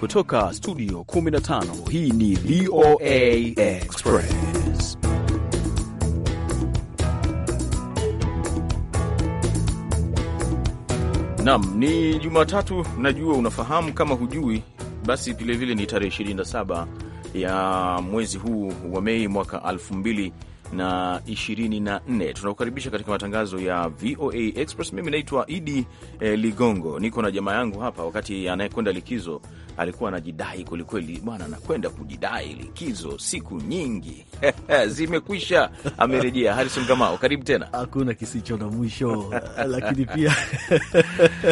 Kutoka studio 15 hii ni VOA Express. Naam, ni Jumatatu, najua unafahamu, kama hujui basi vilevile ni tarehe 27 ya mwezi huu wa Mei mwaka 2000 na 24. Tunakukaribisha katika matangazo ya VOA Express. Mimi naitwa Idi eh, Ligongo, niko na jamaa yangu hapa, wakati anayekwenda likizo alikuwa anajidai kwelikweli bwana, anakwenda kujidai likizo siku nyingi zimekwisha, amerejea. Harison Kamao, karibu tena. Hakuna kisicho na mwisho lakini pia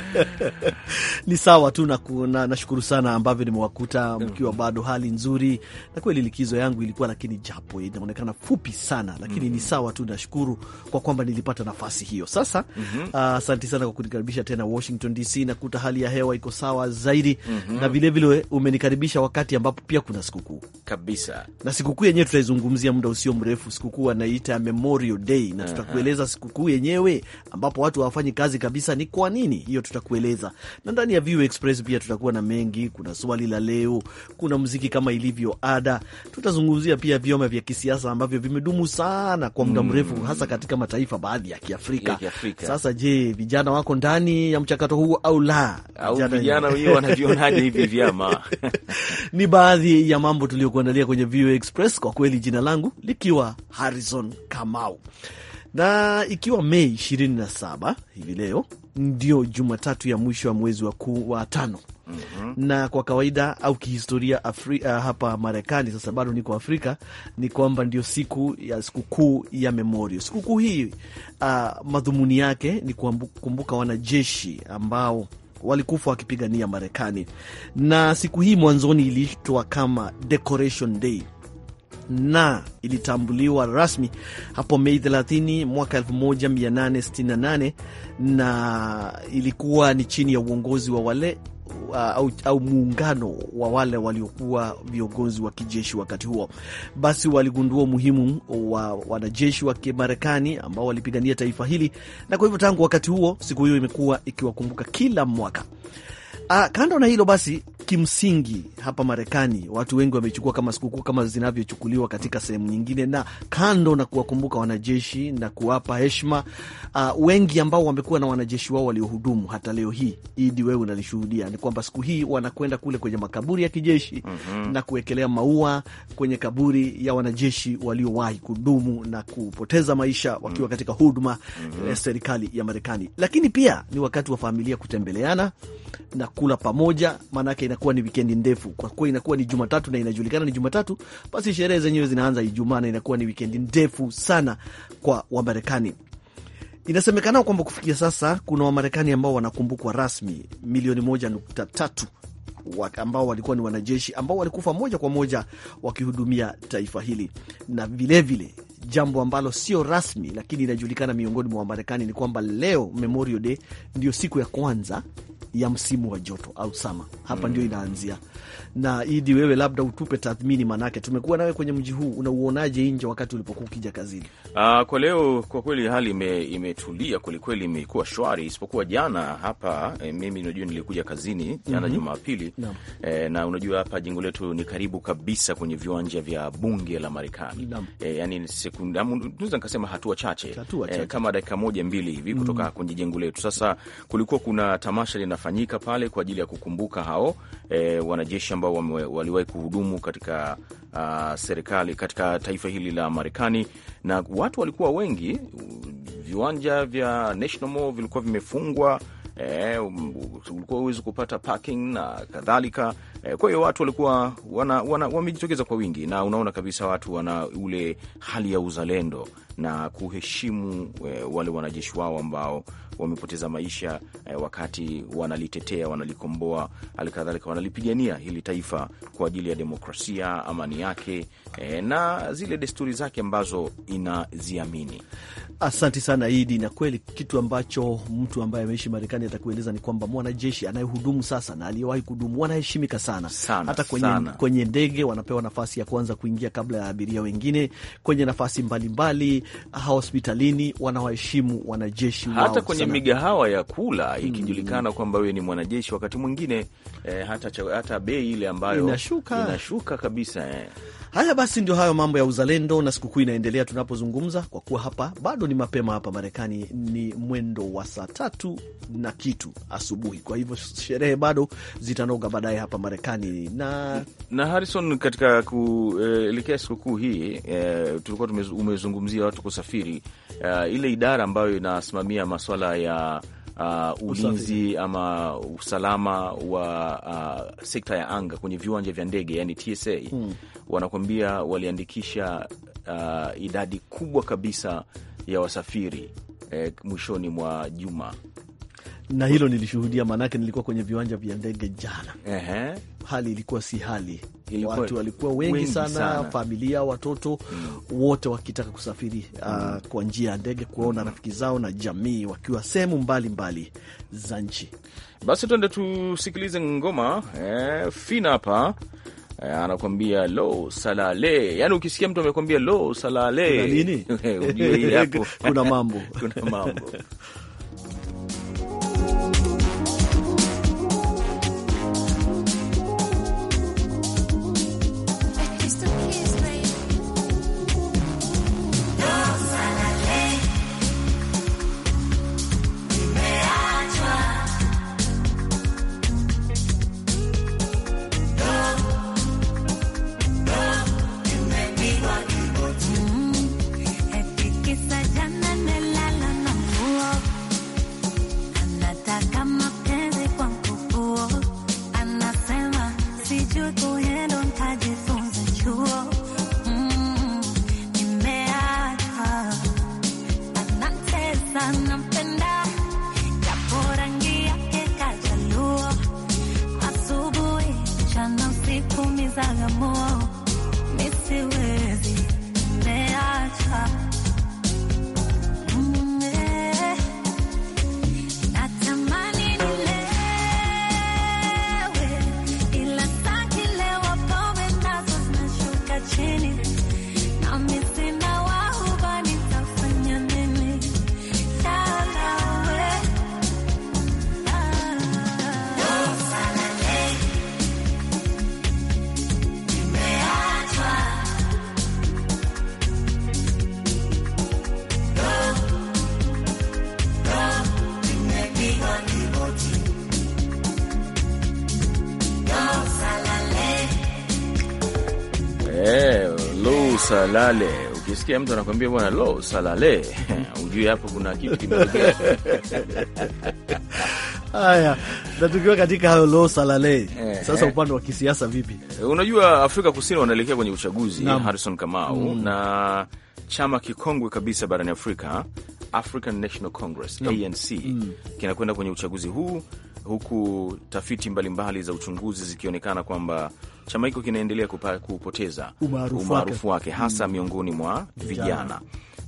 ni sawa tu nashukuru na na sana ambavyo nimewakuta mm-hmm. mkiwa bado hali nzuri, na kweli likizo yangu ilikuwa lakini japo inaonekana fupi sana, lakini mm -hmm. ni mm-hmm. sawa tu, nashukuru kwa kwamba nilipata nafasi hiyo. Sasa asante mm -hmm. uh, sana kwa kunikaribisha tena Washington DC. Nakuta hali ya hewa iko sawa zaidi mm -hmm. na vilevile vilevile umenikaribisha wakati ambapo pia kuna sikukuu kabisa, na sikukuu yenyewe tutaizungumzia muda usio mrefu. Sikukuu anaita Memorial Day na tutakueleza sikukuu yenyewe ambapo watu hawafanyi kazi kabisa ni kwa nini, hiyo tutakueleza. Na ndani ya View Express pia tutakuwa na mengi, kuna swali la leo, kuna muziki kama ilivyo ada, tutazungumzia pia vyama vya kisiasa ambavyo vimedumu sana kwa muda mm. mrefu mm, hasa katika mataifa baadhi ya Kiafrika ya Kiafrika. Sasa je, vijana wako ndani ya mchakato huu au la? Au vijana wenyewe wanavionaje hivi vyama ni baadhi ya mambo tuliyokuandalia kwenye VOA Express, kwa kweli, jina langu likiwa Harrison Kamau, na ikiwa Mei 27 hivi leo ndio Jumatatu ya mwisho wa mwezi wa kuu wa tano. Mm -hmm. Na kwa kawaida au kihistoria uh, hapa Marekani sasa bado niko Afrika, ni kwamba ndio siku ya sikukuu ya Memorial. Sikukuu hii uh, madhumuni yake ni kukumbuka wanajeshi ambao walikufa wakipigania Marekani, na siku hii mwanzoni iliitwa kama Decoration Day na ilitambuliwa rasmi hapo Mei 30 mwaka 1868 na ilikuwa ni chini ya uongozi wa wale uh, au, au muungano wa wale waliokuwa viongozi wa kijeshi wakati huo, basi waligundua umuhimu wa wanajeshi wa Kimarekani ambao walipigania taifa hili, na kwa hivyo tangu wakati huo siku hiyo imekuwa ikiwakumbuka kila mwaka. Ah, kando na hilo basi, kimsingi hapa Marekani watu wengi wamechukua kama sikukuu kama zinavyochukuliwa katika sehemu nyingine, na kando na kuwakumbuka wanajeshi na kuwapa heshima uh, wengi ambao wamekuwa na wanajeshi wao waliohudumu hata leo hii, Idi wewe unalishuhudia, ni kwamba siku hii wanakwenda kule kwenye makaburi ya kijeshi mm -hmm. na kuwekelea maua kwenye kaburi ya wanajeshi waliowahi kudumu na kupoteza maisha wakiwa mm. katika huduma mm -hmm. Eh, ya serikali ya Marekani, lakini pia ni wakati wa familia kutembeleana na kula pamoja, maanake inakuwa ni wikendi ndefu. Kwa kuwa inakuwa ni Jumatatu na inajulikana ni Jumatatu, basi sherehe zenyewe zinaanza Ijumaa na inakuwa ni wikendi ndefu sana kwa Wamarekani. Inasemekana kwamba kufikia sasa kuna Wamarekani ambao wanakumbukwa rasmi milioni moja nukta tatu ambao walikuwa ni wanajeshi ambao walikufa moja kwa moja wakihudumia taifa hili, na vilevile vile, jambo ambalo sio rasmi lakini inajulikana miongoni mwa Wamarekani ni kwamba leo Memorial Day ndio siku ya kwanza ya msimu wa joto au sama hapa, mm. ndio inaanzia na Idi, wewe labda utupe tathmini, manake tumekuwa nawe kwenye mji huu, unauonaje nje wakati ulipokuwa ukija kazini? Uh, kwa leo kwa kweli hali imetulia kwelikweli, imekuwa shwari, isipokuwa jana hapa eh, mimi unajua nilikuja kazini jana mm -hmm. Jumapili no. eh, na unajua hapa jengo letu ni karibu kabisa kwenye viwanja vya bunge la Marekani no. eh, yani sekunde tunaweza nikasema hatua chache, hatua chache. Eh, kama dakika moja mbili hivi mhm. kutoka mm -hmm. kwenye jengo letu. Sasa kulikuwa kuna tamasha linafanyika pale kwa ajili ya kukumbuka hao eh, wanajeshi wanajeshi ambao waliwahi kuhudumu katika uh, serikali katika taifa hili la Marekani, na watu walikuwa wengi. Viwanja vya National Mall vilikuwa vimefungwa, eh, um, ulikuwa uwezi kupata parking na kadhalika, Eh, kwa hiyo watu walikuwa wamejitokeza kwa wingi, na unaona kabisa watu wana ule hali ya uzalendo na kuheshimu eh, wale wanajeshi wao ambao wamepoteza maisha eh, wakati wanalitetea, wanalikomboa, halikadhalika wanalipigania hili taifa kwa ajili ya demokrasia, amani yake na zile desturi zake ambazo inaziamini. Asante sana Idi, na kweli kitu ambacho mtu ambaye ameishi Marekani atakueleza ni kwamba mwanajeshi anayehudumu sasa na aliyewahi kudumu wanaheshimika sana sana, sana hata kwenye, sana. Kwenye ndege wanapewa nafasi ya kwanza kuingia kabla ya abiria wengine, kwenye nafasi mbalimbali ah, hospitalini, wanawaheshimu wanajeshi hata wao, kwenye sana. migahawa ya kula hmm. ikijulikana mm. kwamba wewe ni mwanajeshi, wakati mwingine eh, hata, hata bei ile ambayo inashuka, inashuka kabisa eh. Haya basi, ndio hayo mambo ya uzalendo na sikukuu inaendelea tunapozungumza, kwa kuwa hapa bado ni mapema. Hapa Marekani ni mwendo wa saa tatu na kitu asubuhi, kwa hivyo sherehe bado zitanoga baadaye hapa Marekani. Marekani na na Harrison, katika kuelekea sikukuu hii eh, tulikuwa umezungumzia watu kusafiri eh, ile idara ambayo inasimamia maswala ya Uh, ulinzi ama usalama wa uh, sekta ya anga kwenye viwanja vya ndege yani TSA hmm. Wanakuambia waliandikisha uh, idadi kubwa kabisa ya wasafiri eh, mwishoni mwa juma na hilo nilishuhudia, maanake nilikuwa kwenye viwanja vya ndege jana. Ehe. Hali ilikuwa si hali, ilikuwa watu walikuwa wengi, wengi sana, sana, familia, watoto mm, wote wakitaka kusafiri mm, uh, hmm. kwa njia ya ndege kuwaona mm, rafiki zao na jamii wakiwa sehemu mbalimbali za nchi. Basi tuende tusikilize ngoma eh, fina hapa eh, anakwambia lo salale. Yani ukisikia mtu amekwambia lo salale, kuna nini? Ujue hapo kuna mambo kuna mambo salale. Ukisikia mtu anakwambia bwana lo salale, ujue hapo kuna kitu kimetokea. Haya, na tukiwa katika hayo lo salale, eh, eh. sasa upande wa kisiasa vipi? Unajua Afrika Kusini wanaelekea kwenye uchaguzi, Harrison Kamau, mm. na chama kikongwe kabisa barani Afrika, African National Congress, ANC, mm. kinakwenda kwenye uchaguzi huu huku tafiti mbalimbali mbali za uchunguzi zikionekana kwamba chama hiko kinaendelea kupoteza umaarufu wake hasa mm, miongoni mwa vijana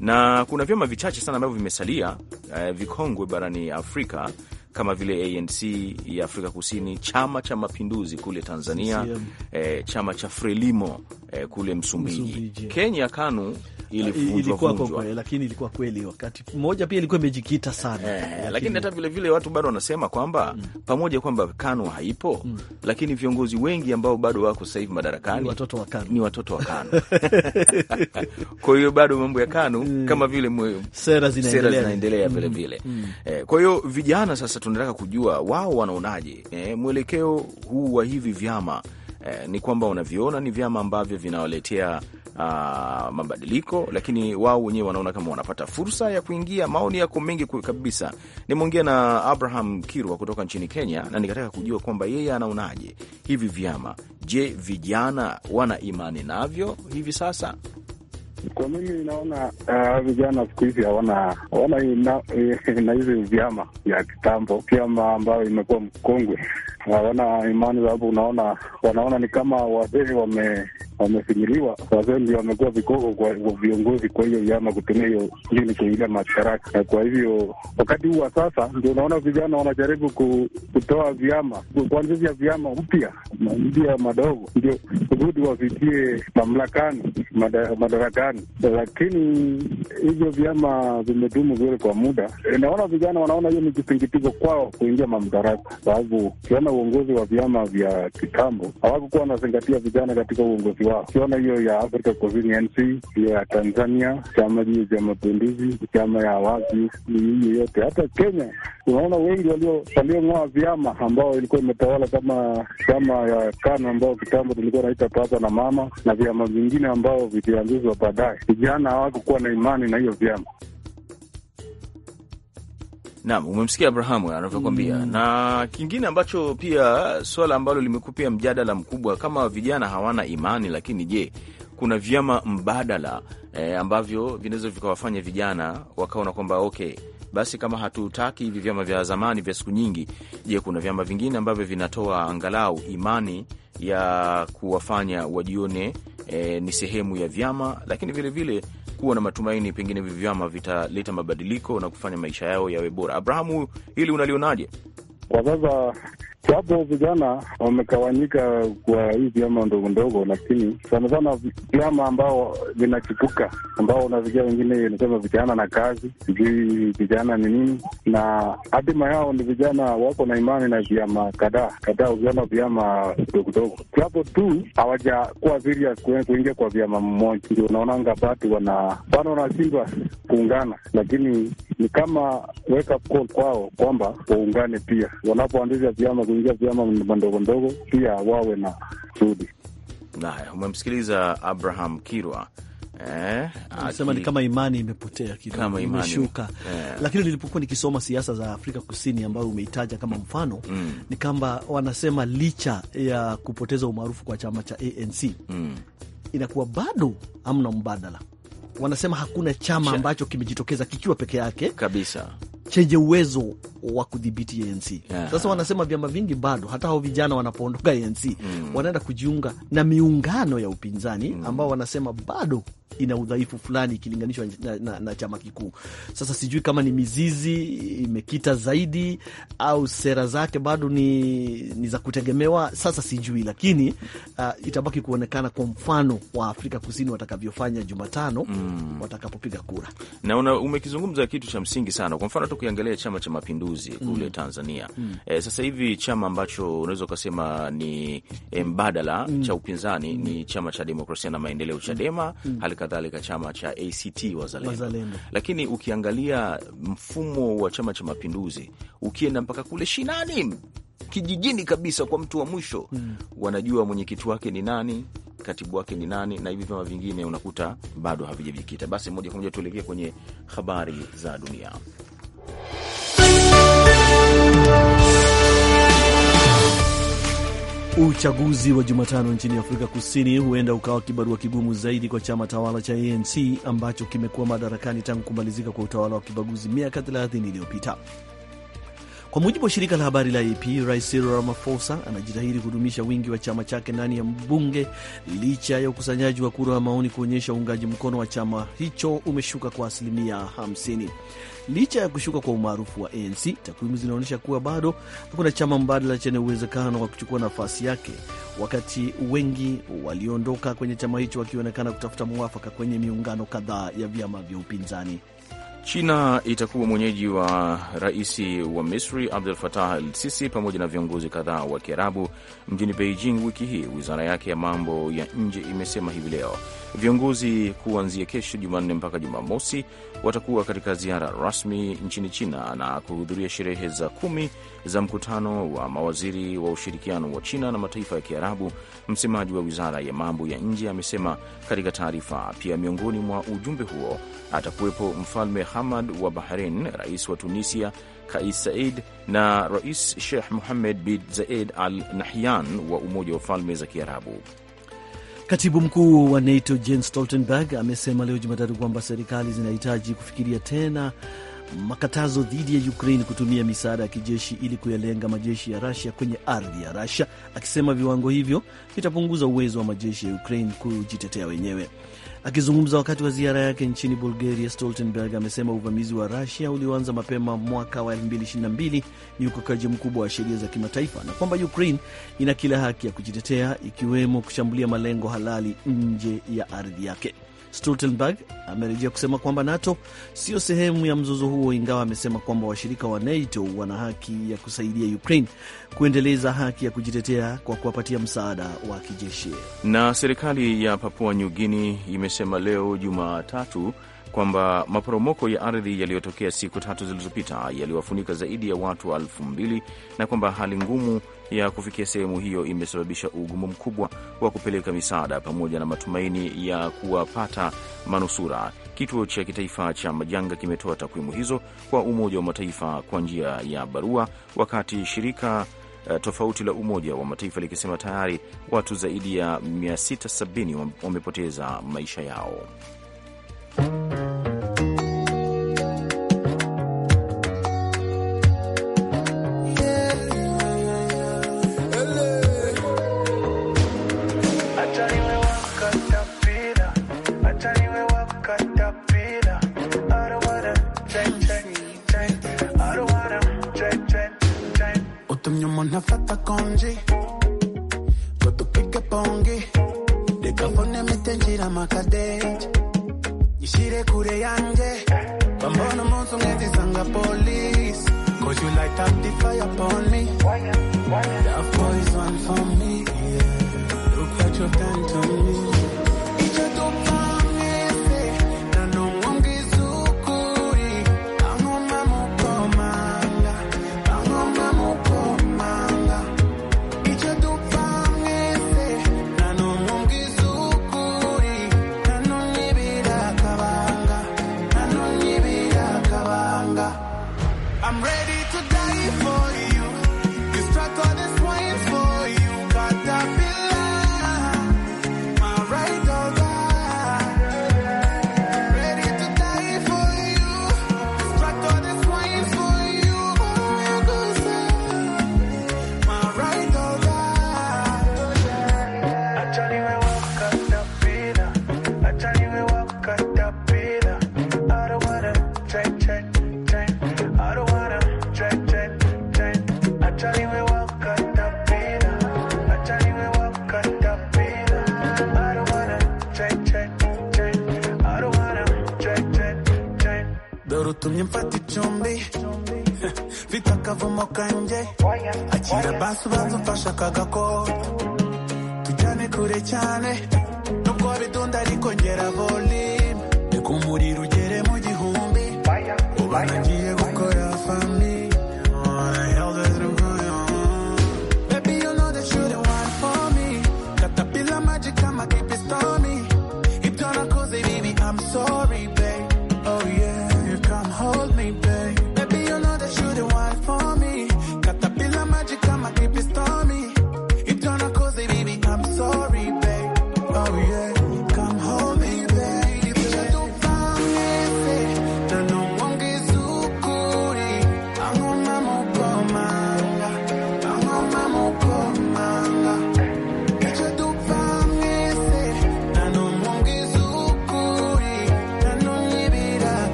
na kuna vyama vichache sana ambavyo vimesalia eh, vikongwe barani Afrika kama vile ANC ya Afrika Kusini, Chama cha Mapinduzi kule Tanzania, eh, chama cha Frelimo eh, kule Msumbiji, Msumbiji, Kenya KANU ilikuwa kweli, lakini ilikuwa kweli wakati mmoja pia ilikuwa imejikita sana eh, lakini, hata vilevile watu bado wanasema kwamba mm, pamoja kwamba KANU haipo mm, lakini viongozi wengi ambao bado wako sasa hivi madarakani ni watoto wa KANU, ni watoto wa KANU. Kwa hiyo bado mambo ya KANU mm, kama vile mwe, sera zinaendelea vilevile. Mm. Mm. Eh, kwa hiyo vijana sasa tunataka kujua wao wanaonaje eh, mwelekeo huu wa hivi vyama eh, ni kwamba wanaviona ni vyama ambavyo vinawaletea uh, mabadiliko, lakini wao wenyewe wanaona kama wanapata fursa ya kuingia. Maoni yako mengi kabisa. Nimeongea na Abraham Kirwa kutoka nchini Kenya na nikataka kujua kwamba yeye anaonaje hivi vyama. Je, vijana wana imani navyo hivi sasa? Kwa mimi naona uh, vijana siku hizi hawana eh, na hizi vyama vya kitambo, vyama ambayo imekuwa mkongwe hawana imani, sababu unaona, wanaona ni kama wazee wame wamefinyiliwa, wazee ndio wamekuwa vikoko kwa viongozi. Kwa hiyo vyama kutumia hiyo ili kuingia madaraka, na kwa hivyo wakati huu wa sasa ndio unaona vijana wanajaribu kutoa vyama, kuanzisha vyama mpya mpya madogo, ndio kusudi wafikie mamlakani, madarakani. Lakini hivyo vyama vimedumu vile kwa muda, e, naona vijana wanaona hiyo ni kipingitizo kwao kuingia mamdaraka, sababu ukiona uongozi wa vyama vya kitambo hawakukuwa wanazingatia vijana katika uongozi ukiona hiyo ya Afrika Kusini NC, hiyo ya Tanzania chama hiyo cha Mapinduzi, chama ya wapi hiyo yote, hata Kenya unaona wengi waliong'oa vyama ambao ilikuwa imetawala kama chama ya KANU ambao kitambo tulikuwa naita papa na mama na vyama vingine ambao vilianzishwa baadaye, vijana hawakukuwa na imani na hiyo vyama. Naam, umemsikia Abrahamu anavyokwambia mm. Na kingine ambacho pia swala ambalo limekupia mjadala mkubwa, kama vijana hawana imani, lakini je, kuna vyama mbadala eh, ambavyo vinaweza vikawafanya vijana wakaona kwamba okay basi kama hatutaki hivi vyama vya zamani vya siku nyingi, je, kuna vyama vingine ambavyo vinatoa angalau imani ya kuwafanya wajione eh, ni sehemu ya vyama, lakini vilevile kuwa na matumaini pengine hivi vyama vitaleta mabadiliko na kufanya maisha yao yawe bora. Abrahamu, hili unalionaje? Kwa sasa Japo vijana wamegawanyika kwa hii vyama ndogo ndogo, lakini sana sana vyama ambao vinachipuka, ambao unasikia wengine inasema vijana na kazi, sijui vijana ni nini, na hatima yao ni vijana wako na imani na vyama kadhaa kadhaa, ukiona vyama ndogo ndogo, japo tu hawajakuwa serious kuingia kwa vyama mmoja, ndio unaonanga batu wana bado wanashindwa kuungana, lakini ni kama wake up call kwao kwamba waungane pia wanapoanzisha vyama kuingia vyama mandogo ndogo pia wawe na juhudi. Naye umemsikiliza Abraham Kirwa. Eh, sema ni kama imani imepotea kidogo, imeshuka yeah. Lakini nilipokuwa nikisoma siasa za Afrika Kusini ambayo umeitaja kama mfano mm. ni kwamba wanasema licha ya kupoteza umaarufu kwa chama cha ANC mm. inakuwa bado hamna mbadala. Wanasema hakuna chama ambacho kimejitokeza kikiwa peke yake kabisa chenye uwezo wa kudhibiti ANC. Yeah. Sasa wanasema vyama vingi bado hata hao vijana wanapoondoka ANC mm. wanaenda kujiunga na miungano ya upinzani mm. ambao wanasema bado ina udhaifu fulani ikilinganishwa na, na, na chama kikuu. Sasa sijui kama ni mizizi imekita zaidi au sera zake bado ni, ni za kutegemewa. Sasa sijui, lakini uh, itabaki kuonekana kwa mfano wa Afrika Kusini watakavyofanya Jumatano mm. watakapopiga kura. Na una, umekizungumza kitu cha msingi sana. Kwa mfano tu ukiangalia Chama cha Mapinduzi kule mm. Tanzania mm. Eh, sasa hivi chama ambacho unaweza ukasema ni e, mbadala mm. cha upinzani mm. ni chama cha Demokrasia na Maendeleo, mm. Chadema mm kadhalika chama cha ACT Wazalendo, Wazalendo. Lakini ukiangalia mfumo wa Chama cha Mapinduzi, ukienda mpaka kule shinani kijijini kabisa kwa mtu wa mwisho hmm. wanajua mwenyekiti wake ni nani, katibu wake ni nani, na hivi vyama vingine unakuta bado havijajikita. Basi moja kwa moja tuelekee kwenye habari za dunia. Uchaguzi wa Jumatano nchini Afrika Kusini huenda ukawa kibarua kigumu zaidi kwa chama tawala cha ANC ambacho kimekuwa madarakani tangu kumalizika kwa utawala wa kibaguzi miaka 30 iliyopita. Kwa mujibu wa shirika la habari la AP, Rais Cyril Ramaphosa anajitahidi kudumisha wingi wa chama chake ndani ya bunge licha ya ukusanyaji wa kura wa maoni kuonyesha uungaji mkono wa chama hicho umeshuka kwa asilimia 50. Licha ya kushuka kwa umaarufu wa ANC, takwimu zinaonyesha kuwa bado hakuna chama mbadala chenye uwezekano wa kuchukua nafasi yake, wakati wengi waliondoka kwenye chama hicho wakionekana kutafuta mwafaka kwenye miungano kadhaa ya vyama vya upinzani. China itakuwa mwenyeji wa rais wa Misri abdul fatah al Sisi pamoja na viongozi kadhaa wa Kiarabu mjini Beijing wiki hii, wizara yake ya mambo ya nje imesema hivi leo. Viongozi kuanzia kesho Jumanne mpaka Jumamosi watakuwa katika ziara rasmi nchini China na kuhudhuria sherehe za kumi za mkutano wa mawaziri wa ushirikiano wa China na mataifa ya Kiarabu. Msemaji wa wizara ya mambo ya nje amesema katika taarifa. Pia miongoni mwa ujumbe huo atakuwepo Mfalme Hamad wa Bahrain, rais wa Tunisia Kais Said na Rais Sheikh muhamed bin Zayed Al Nahyan wa Umoja wa Falme za Kiarabu. Katibu mkuu wa NATO Jens Stoltenberg amesema leo Jumatatu kwamba serikali zinahitaji kufikiria tena makatazo dhidi ya Ukraine kutumia misaada ya kijeshi ili kuyalenga majeshi ya Rusia kwenye ardhi ya Rusia, akisema viwango hivyo vitapunguza uwezo wa majeshi ya Ukraine kujitetea wenyewe. Akizungumza wakati wa ziara yake nchini Bulgaria, Stoltenberg amesema uvamizi wa Rusia ulioanza mapema mwaka wa 2022 ni ukiukaji mkubwa wa sheria za kimataifa na kwamba Ukraine ina kila haki ya kujitetea, ikiwemo kushambulia malengo halali nje ya ardhi yake. Stoltenberg amerejea kusema kwamba NATO siyo sehemu ya mzozo huo, ingawa amesema kwamba washirika wa NATO wana haki ya kusaidia Ukraine kuendeleza haki ya kujitetea kwa kuwapatia msaada wa kijeshi. Na serikali ya Papua New Guinea imesema leo Jumatatu kwamba maporomoko ya ardhi yaliyotokea siku tatu zilizopita yaliwafunika zaidi ya watu elfu mbili na kwamba hali ngumu ya kufikia sehemu hiyo imesababisha ugumu mkubwa wa kupeleka misaada pamoja na matumaini ya kuwapata manusura. Kituo cha kitaifa cha majanga kimetoa takwimu hizo kwa Umoja wa Mataifa kwa njia ya barua, wakati shirika eh, tofauti la Umoja wa Mataifa likisema tayari watu zaidi ya 670 wamepoteza maisha yao. kama nafata konji totupike pongi dekafone mitenjira makadeji ishire kure yanje pambona munsi umwe ndizanga polisi cause you light up the fire upon me that poison for me yeah. look what you've done to me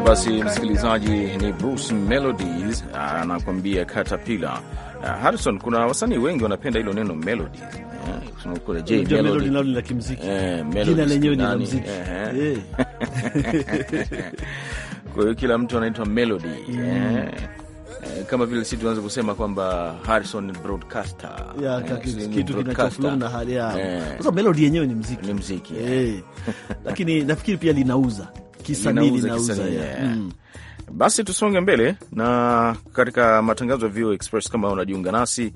basi, msikilizaji, ni Bruce Melodies ah, anakuambia Caterpillar. Ah, Harrison, kuna wasanii wengi wanapenda hilo neno melody eh. Eh. kwa hiyo kila mtu anaitwa melody mm. yeah. Eh, kama vile si tuanze kusema kwamba Harrison broadcaster kitu kinachofulu na hali yao. Sasa melody yenyewe ni mziki, ni mziki yeah. Lakini nafikiri pia linauza kisanii linauza mm. basi tusonge mbele na katika matangazo ya VOA Express. Kama unajiunga nasi,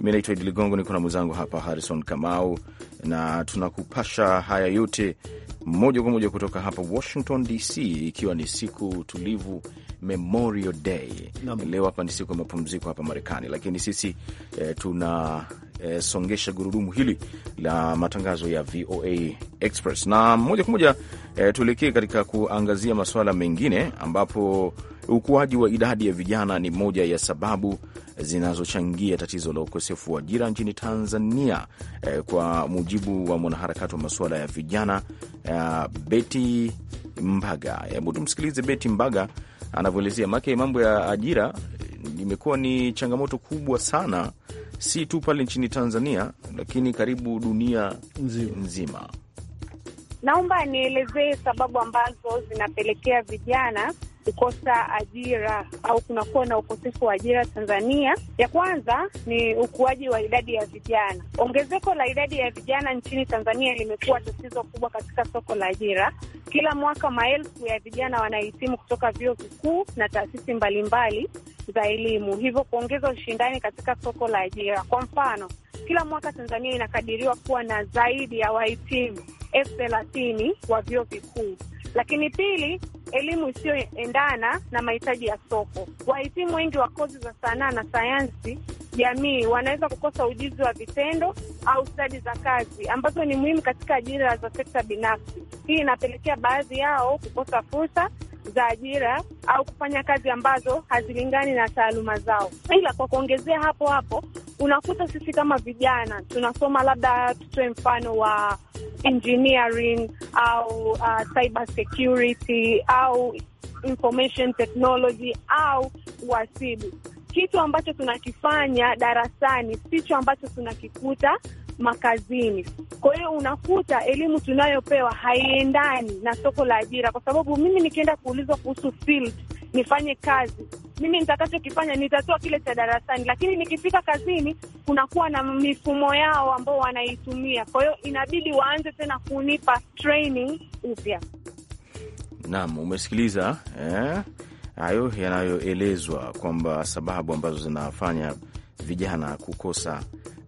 mi naitwa Idi Ligongo, niko na mwenzangu hapa Harrison Kamau, na tunakupasha haya yote moja kwa moja kutoka hapa Washington DC, ikiwa ni siku tulivu, Memorial Day. Leo hapa ni siku ya mapumziko hapa Marekani, lakini sisi eh, tunasongesha eh, e, gurudumu hili la matangazo ya VOA Express na moja kwa moja e, tuelekee katika kuangazia masuala mengine, ambapo ukuaji wa idadi ya vijana ni moja ya sababu zinazochangia tatizo la ukosefu wa ajira nchini Tanzania. Eh, kwa mujibu wa mwanaharakati wa masuala ya vijana eh, Beti Mbaga. Hebu tumsikilize Beti Mbaga anavyoelezea, make mambo ya ajira eh, imekuwa ni changamoto kubwa sana, si tu pale nchini Tanzania, lakini karibu dunia nzima, nzima. Naomba nielezee sababu ambazo zinapelekea vijana kukosa ajira au kunakuwa na ukosefu wa ajira Tanzania. Ya kwanza ni ukuaji wa idadi ya vijana. Ongezeko la idadi ya vijana nchini Tanzania limekuwa tatizo kubwa katika soko la ajira. Kila mwaka maelfu ya vijana wanahitimu kutoka vyuo vikuu na taasisi mbalimbali za elimu, hivyo kuongeza ushindani katika soko la ajira. Kwa mfano, kila mwaka Tanzania inakadiriwa kuwa na zaidi ya wahitimu elfu thelathini wa vyuo vikuu lakini pili, elimu isiyoendana na mahitaji ya soko. Wahitimu wengi wa kozi za sanaa na sayansi jamii wanaweza kukosa ujuzi wa vitendo au stadi za kazi ambazo ni muhimu katika ajira za sekta binafsi. Hii inapelekea baadhi yao kukosa fursa za ajira au kufanya kazi ambazo hazilingani na taaluma zao. Ila kwa kuongezea hapo hapo, unakuta sisi kama vijana tunasoma, labda tutoe mfano wa engineering au uh, cyber security au information technology au uhasibu. Kitu ambacho tunakifanya darasani sicho ambacho tunakikuta makazini. Kwa hiyo unakuta elimu tunayopewa haiendani na soko la ajira, kwa sababu mimi nikienda kuulizwa kuhusu field nifanye kazi mimi nitakachokifanya nitatoa kile cha darasani, lakini nikifika kazini kunakuwa na mifumo yao ambao wanaitumia. Kwa hiyo inabidi waanze tena kunipa training upya. Naam, umesikiliza eh, hayo eh, yanayoelezwa kwamba sababu ambazo zinafanya vijana kukosa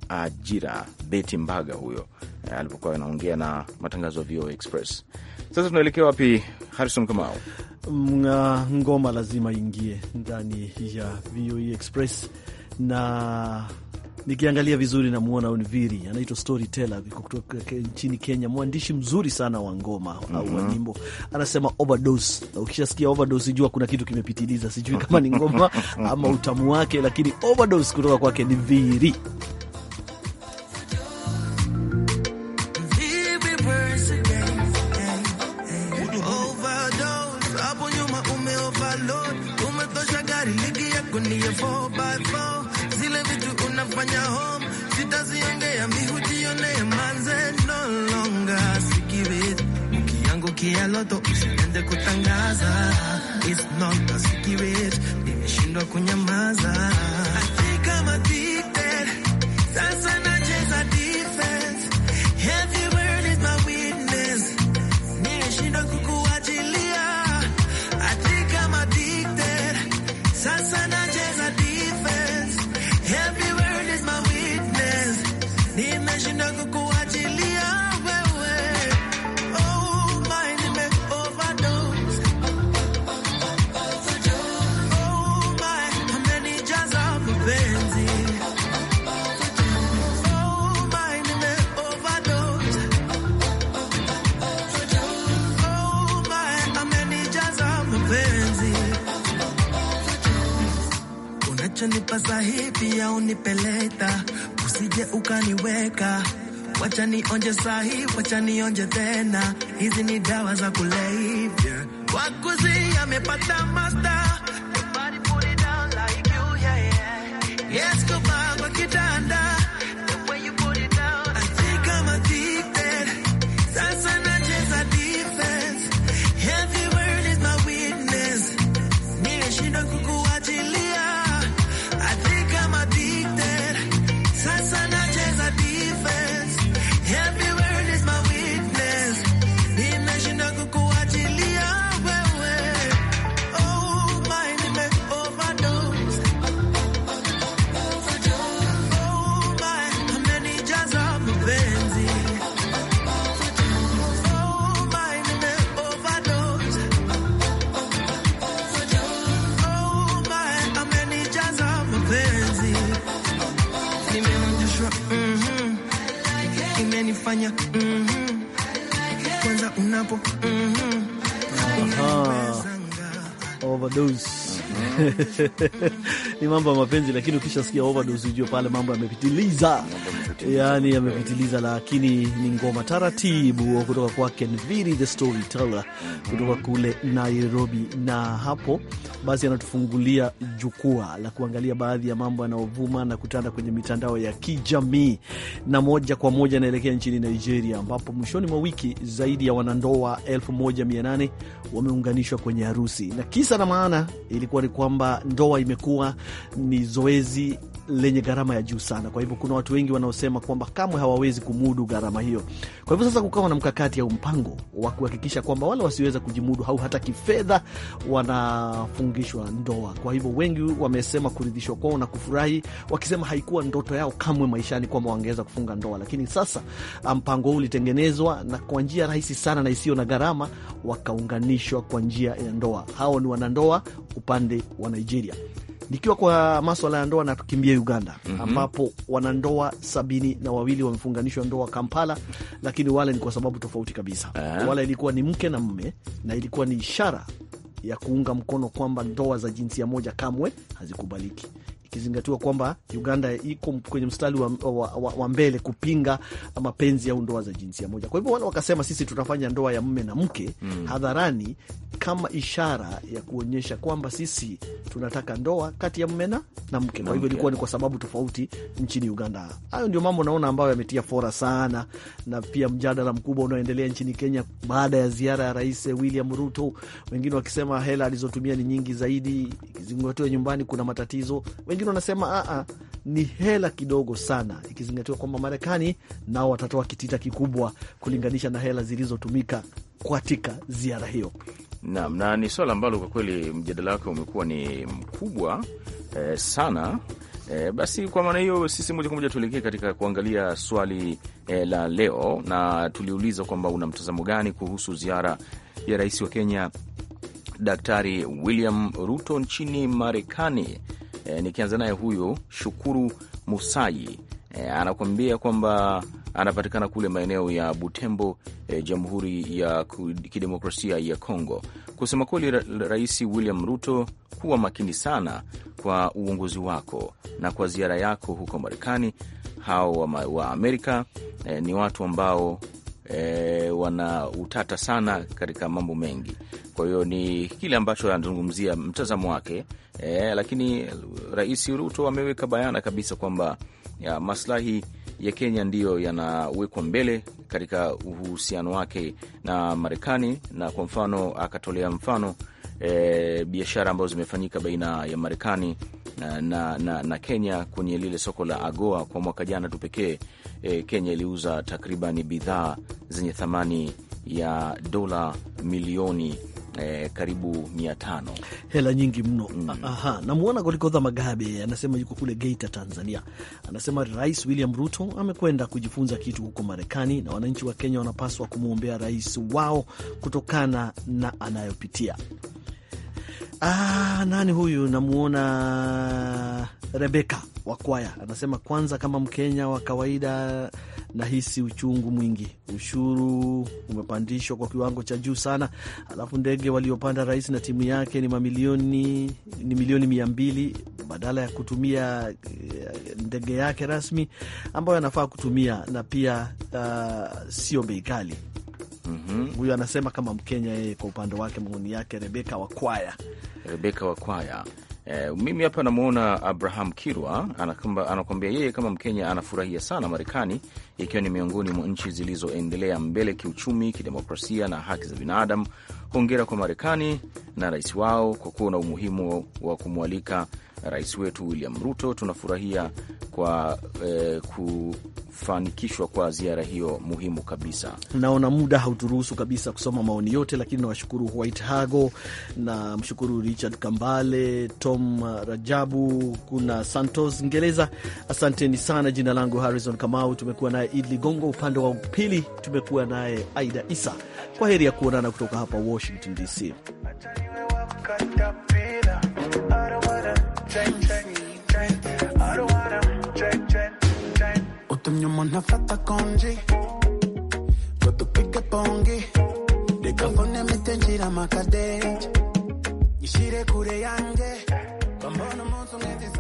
ajira. Beti Mbaga huyo eh, alipokuwa anaongea na matangazo ya VOA Express. Sasa tunaelekea wapi, Harrison Kamau? ngoma lazima ingie ndani ya voe Express na nikiangalia vizuri namwona Unviri anaitwa Storyteller kutoka nchini Kenya, mwandishi mzuri sana wa ngoma mm -hmm. au wa mhm. nyimbo. Anasema overdose. Ukishasikia overdose, jua kuna kitu kimepitiliza. Sijui kama ni ngoma ama utamu wake, lakini overdose kutoka kwake ni Viri. benki ya loto usiende kutangaza, it's not a secret, nimeshindwa kunyamaza sasa hivi au usije ukaniweka, wacha nionje sahi, wacha nionje tena, hizi ni dawa za kulevya, wakuzi amepata master ni mambo ya mapenzi, lakini ukishasikia overdose ujue pale mambo yamepitiliza yani yaani, amepitiliza, lakini ni ngoma taratibu kutoka kwa Kenviri the Storyteller kutoka kule Nairobi. Na hapo basi anatufungulia jukwaa la kuangalia baadhi ya mambo yanayovuma na kutanda kwenye mitandao ya kijamii, na moja kwa moja anaelekea nchini Nigeria, ambapo mwishoni mwa wiki zaidi ya wanandoa 1800 wameunganishwa kwenye harusi, na kisa na maana ilikuwa ni kwamba ndoa imekuwa ni zoezi lenye gharama ya juu sana. Kwa hivyo kuna watu wengi wanaosema kusema kwamba kamwe hawawezi kumudu gharama hiyo. Kwa hivyo sasa kukawa na mkakati au mpango wa kuhakikisha kwamba wale wasiweza kujimudu au hata kifedha wanafungishwa ndoa. Kwa hivyo wengi wamesema kuridhishwa kwao na kufurahi, wakisema haikuwa ndoto yao kamwe maishani kwamba wangeweza kufunga ndoa, lakini sasa ah, mpango huu ulitengenezwa na kwa njia rahisi sana na isiyo na gharama, wakaunganishwa kwa njia ya ndoa. Hao ni wanandoa upande wa Nigeria. Nikiwa kwa maswala ya ndoa nakimbia Uganda mm -hmm. ambapo wanandoa sabini na wawili wamefunganishwa ndoa Kampala, lakini wale ni kwa sababu tofauti kabisa eh. Wale ilikuwa ni mke na mme na ilikuwa ni ishara ya kuunga mkono kwamba ndoa za jinsia moja kamwe hazikubaliki ikizingatiwa kwamba Uganda iko kwenye mstari wa, wa, wa, wa mbele kupinga mapenzi au ndoa za jinsia moja. Kwa hivyo wale wakasema, sisi tutafanya ndoa ya mme na mke mm. hadharani kama ishara ya kuonyesha kwamba sisi tunataka ndoa kati ya mmena na mke. Kwa hivyo ilikuwa ni kwa sababu tofauti nchini Uganda. Hayo ndio mambo naona ambayo yametia fora sana, na pia mjadala mkubwa unaoendelea nchini Kenya baada ya ziara ya Rais William Ruto, wengine wakisema hela alizotumia ni nyingi zaidi, ikizingatiwa nyumbani kuna matatizo. Wengine wanasema aa, ah, ah, ni hela kidogo sana, ikizingatiwa kwamba Marekani nao watatoa kitita kikubwa kulinganisha na hela zilizotumika katika ziara hiyo. Naam, na ni swala ambalo kwa kweli mjadala wake umekuwa ni mkubwa e, sana e, basi kwa maana hiyo sisi moja kwa moja tuelekee katika kuangalia swali e, la leo, na tuliuliza kwamba una mtazamo gani kuhusu ziara ya rais wa Kenya Daktari William Ruto nchini Marekani. E, nikianza naye huyu Shukuru Musai e, anakuambia kwamba anapatikana kule maeneo ya Butembo, e, Jamhuri ya Kidemokrasia ya Kongo. Kusema kweli, ra Rais William Ruto, kuwa makini sana kwa uongozi wako na kwa ziara yako huko Marekani. Hao wa, wa Amerika e, ni watu ambao E, wana utata sana katika mambo mengi. Kwa hiyo ni kile ambacho anazungumzia mtazamo wake e, lakini Rais Ruto ameweka bayana kabisa kwamba ya maslahi ya Kenya ndiyo yanawekwa mbele katika uhusiano wake na Marekani, na kwa mfano akatolea mfano e, biashara ambazo zimefanyika baina ya Marekani na, na, na, na Kenya kwenye lile soko la AGOA kwa mwaka jana tu pekee, eh, Kenya iliuza takriban bidhaa zenye thamani ya dola milioni eh, karibu mia tano. Hela nyingi mno mm. Ah, Namwona Golikodha Magabe anasema yuko kule Geita, Tanzania. Anasema Rais William Ruto amekwenda kujifunza kitu huko Marekani, na wananchi wa Kenya wanapaswa kumwombea rais wao kutokana na anayopitia. Ah, nani huyu? Namuona Rebeka kwaya anasema, kwanza kama Mkenya wa kawaida nahisi uchungu mwingi. Ushuru umepandishwa kwa kiwango cha juu sana, alafu ndege waliopanda rais na timu yake ni mamilioni, ni milioni mia mbili badala ya kutumia eh, ndege yake rasmi ambayo anafaa kutumia, na pia uh, sio bei kali. -hmm. huyu anasema kama Mkenya yeye kwa upande wake, maoni yake Rebeka Wakwaya, Rebeka Wakwaya. E, eh, mimi hapa namwona Abraham Kirwa anakuambia yeye kama Mkenya anafurahia sana Marekani ikiwa ni miongoni mwa nchi zilizoendelea mbele kiuchumi, kidemokrasia na haki za binadamu. Hongera kwa Marekani na rais wao kwa kuwa na umuhimu wa kumwalika rais wetu William Ruto. Tunafurahia kwa eh, kufanikishwa kwa ziara hiyo muhimu kabisa. Naona muda hauturuhusu kabisa kusoma maoni yote, lakini nawashukuru White Hago na mshukuru Richard Kambale, Tom Rajabu, kuna Santos Ngereza, asanteni sana. Jina langu Harrison Kamau, tumekuwa naye Id Ligongo, upande wa pili tumekuwa naye Aida Isa. Kwa heri ya kuonana kutoka hapa Washington DC. Andiamo una fatta konji tupige pongi fone mite njira makadenti ishire kure yange kwambona umunsi umwe